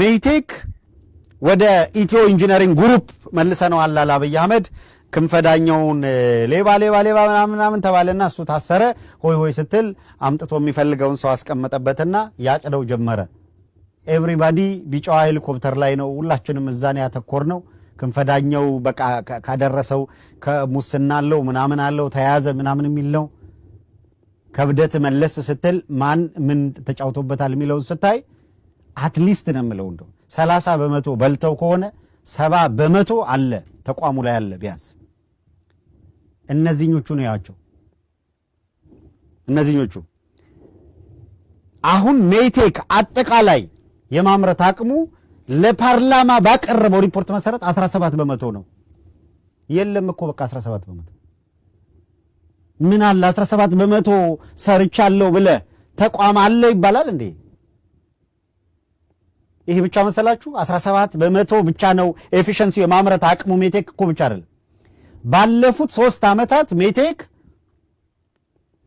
ሜይቴክ ወደ ኢትዮ ኢንጂነሪንግ ግሩፕ መልሰነዋል አለ አብይ አህመድ። ክንፈዳኛውን ሌባ ሌባ ሌባ ምናምን ተባለና እሱ ታሰረ። ሆይ ሆይ ስትል አምጥቶ የሚፈልገውን ሰው አስቀመጠበትና ያቅደው ጀመረ። ኤቭሪባዲ ቢጫዋ ሄሊኮፕተር ላይ ነው። ሁላችንም እዛን ያተኮር ነው። ክንፈዳኛው በቃ ካደረሰው ከሙስና አለው ምናምን አለው ተያያዘ ምናምን የሚል ነው። ከብደት መለስ ስትል ማን ምን ተጫውቶበታል የሚለውን ስታይ አትሊስት ነው የምለው እንደው ሰላሳ በመቶ በልተው ከሆነ ሰባ በመቶ አለ ተቋሙ ላይ አለ ቢያንስ እነዚህኞቹ ነው ያቸው እነዚህኞቹ አሁን ሜቴክ አጠቃላይ የማምረት አቅሙ ለፓርላማ ባቀረበው ሪፖርት መሰረት 17 በመቶ ነው። የለም እኮ በቃ 17 በመቶ ምን አለ 17 በመቶ ሰርቻለሁ ብለ ተቋም አለ ይባላል እንዴ? ይሄ ብቻ መሰላችሁ? 17 በመቶ ብቻ ነው ኤፊሸንሲ የማምረት አቅሙ ሜቴክ እኮ ብቻ አይደለም። ባለፉት ሶስት ዓመታት ሜቴክ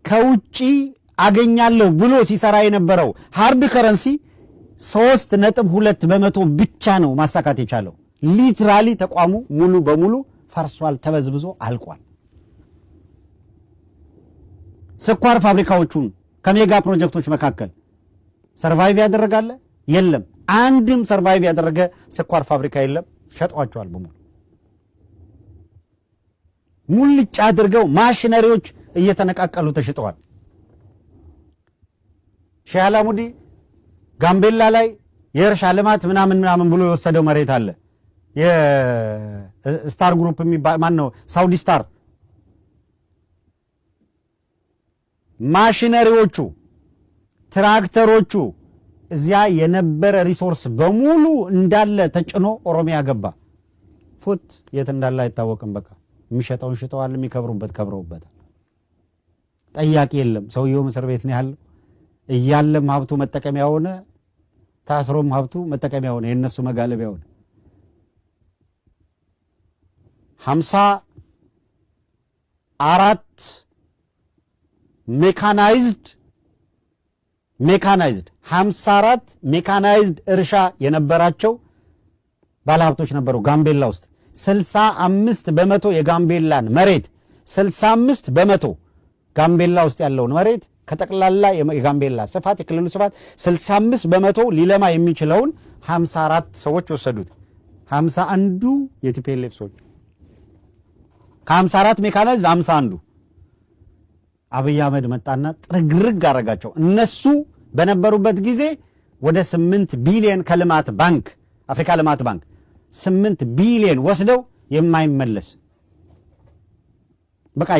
ከውጪ አገኛለሁ ብሎ ሲሰራ የነበረው ሃርድ ከረንሲ ሶስት ነጥብ ሁለት በመቶ ብቻ ነው ማሳካት የቻለው። ሊትራሊ ተቋሙ ሙሉ በሙሉ ፈርሷል፣ ተበዝብዞ አልቋል። ስኳር ፋብሪካዎቹን ከሜጋ ፕሮጀክቶች መካከል ሰርቫይቭ ያደረጋለ የለም። አንድም ሰርቫይቭ ያደረገ ስኳር ፋብሪካ የለም። ሸጧቸዋል በሙሉ ሙልጭ አድርገው ማሽነሪዎች እየተነቃቀሉ ተሽጠዋል። ሼህ አላሙዲ ጋምቤላ ላይ የእርሻ ልማት ምናምን ምናምን ብሎ የወሰደው መሬት አለ። የስታር ግሩፕ የሚባል ማን ነው? ሳውዲ ስታር ማሽነሪዎቹ፣ ትራክተሮቹ እዚያ የነበረ ሪሶርስ በሙሉ እንዳለ ተጭኖ ኦሮሚያ ገባ። ፉት የት እንዳለ አይታወቅም። በቃ የሚሸጠውን ሽጠዋል፣ የሚከብሩበት ከብረውበታል። ጠያቂ የለም። ሰውየውም እስር ቤት ነው ያለው። እያለም ሀብቱ መጠቀሚያ ሆነ፣ ታስሮም ሀብቱ መጠቀሚያ ሆነ፣ የእነሱ መጋለቢያ ሆነ። ሀምሳ አራት ሜካናይዝድ ሜካናይዝድ 54 ሜካናይዝድ እርሻ የነበራቸው ባለሀብቶች ነበሩ። ጋምቤላ ውስጥ 65 በመቶ የጋምቤላን መሬት 65 በመቶ ጋምቤላ ውስጥ ያለውን መሬት ከጠቅላላ የጋምቤላ ስፋት የክልሉ ስፋት 65 በመቶ ሊለማ የሚችለውን 54 ሰዎች ወሰዱት። 51ዱ የቲፒኤልኤፍ ሰዎች ከ54 ሜካናይዝድ 51 አብይ አህመድ መጣና ጥርግርግ አረጋቸው። እነሱ በነበሩበት ጊዜ ወደ ስምንት ቢሊየን ከልማት ባንክ አፍሪካ ልማት ባንክ ስምንት ቢሊየን ወስደው የማይመለስ በቃ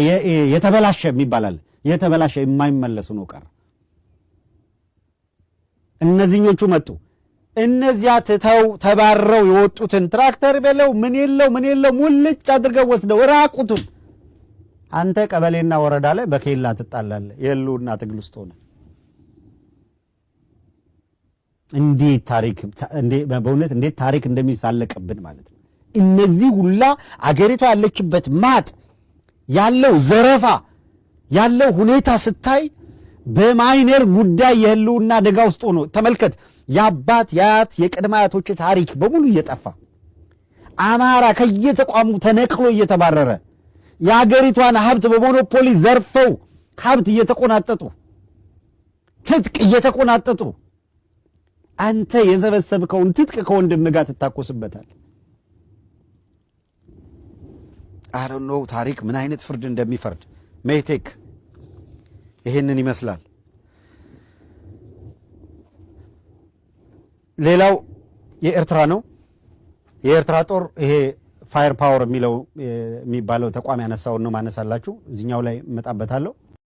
የተበላሸ የሚባላል የተበላሸ የማይመለሱ ነው ቀር እነዚህኞቹ መጡ። እነዚያ ትተው ተባረው የወጡትን ትራክተር በለው ምን የለው ምን የለው ሙልጭ አድርገው ወስደው ራቁቱን አንተ ቀበሌና ወረዳ ላይ በኬላ ትጣላለህ። የህልውና ትግል ውስጥ ሆነ እንዴት ታሪክ በእውነት እንዴት ታሪክ እንደሚሳለቅብን ማለት ነው። እነዚህ ሁላ አገሪቷ ያለችበት ማጥ ያለው ዘረፋ ያለው ሁኔታ ስታይ በማይነር ጉዳይ የህልውና አደጋ ውስጥ ሆኖ ተመልከት። የአባት የአያት የቅድመ አያቶች ታሪክ በሙሉ እየጠፋ አማራ ከየተቋሙ ተነቅሎ እየተባረረ የአገሪቷን ሀብት በሞኖፖሊ ዘርፈው ሀብት እየተቆናጠጡ ትጥቅ እየተቆናጠጡ አንተ የሰበሰብከውን ትጥቅ ከወንድም ጋር ትታኮስበታል። አረኖ ታሪክ ምን አይነት ፍርድ እንደሚፈርድ ሜቴክ ይህንን ይመስላል። ሌላው የኤርትራ ነው። የኤርትራ ጦር ይሄ ፋየር ፓወር የሚለው የሚባለው ተቋም ያነሳውን ነው ማነሳላችሁ። እዚኛው ላይ እመጣበታለሁ።